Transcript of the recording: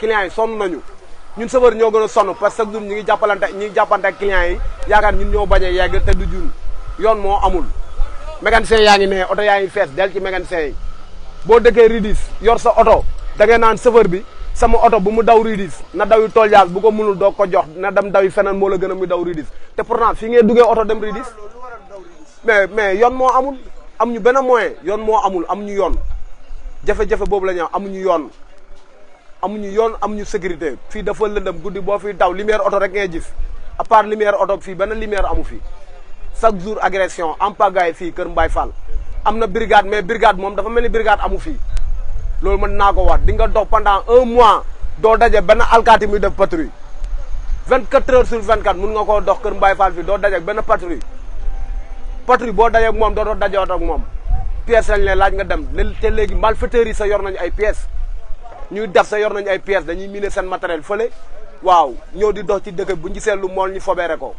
client yi sonu nañu ñun chauffeur ño gëna sonu parce que ñun ñu ngi jappalante ñi jappante ak client yi yaakaar ñun ño bañe yegg te du jun yoon mo amul mécanicien yaangi né auto yaangi fess del ci mécanicien yi bo dëkkee ridis yor sa auto da ngay naan chauffeur bi sama auto bu mu daw ridis na daw yu toljaas bu ko mënul do ko jox na dam daw fenen mo la gëna muy daw ridis te pourtant fi ngay duggé auto dem ridis mais mais yoon mo amul am ñu benn moyen yoon mo amul am ñu yoon jafe-jafe bobu la ñu am yoon amuñu yoon amuñu sécurité fii dafa lëndëm guddi boo fi daw lumière oto rek ngay gis à part lumière oto fii benn lumière amu fi chaque jour agression en pagaille fii Kër Mbaye Fall. am na brigade mais brigade moom dafa mel ni brigade amu fii loolu mën naa ko wax di nga dox pendant un mois doo daje benn alkaati muy def patrouille vingt quatre heures sur vingt quatre mun nga koo dox Kër Mbaye Fall fii doo daje benn patrouille patrouille boo dajeeg moom doo doo dajewaat moom pièce lañ laaj nga dem te léegi malfaiteurs yi sa yor nañu ay pièces. ñuy def sa yor nañu ay pièces dañuy miné seen matériel fële waaw ñëw di dox ci dëkk bu ñu gisee lu mool ñu fobeere ko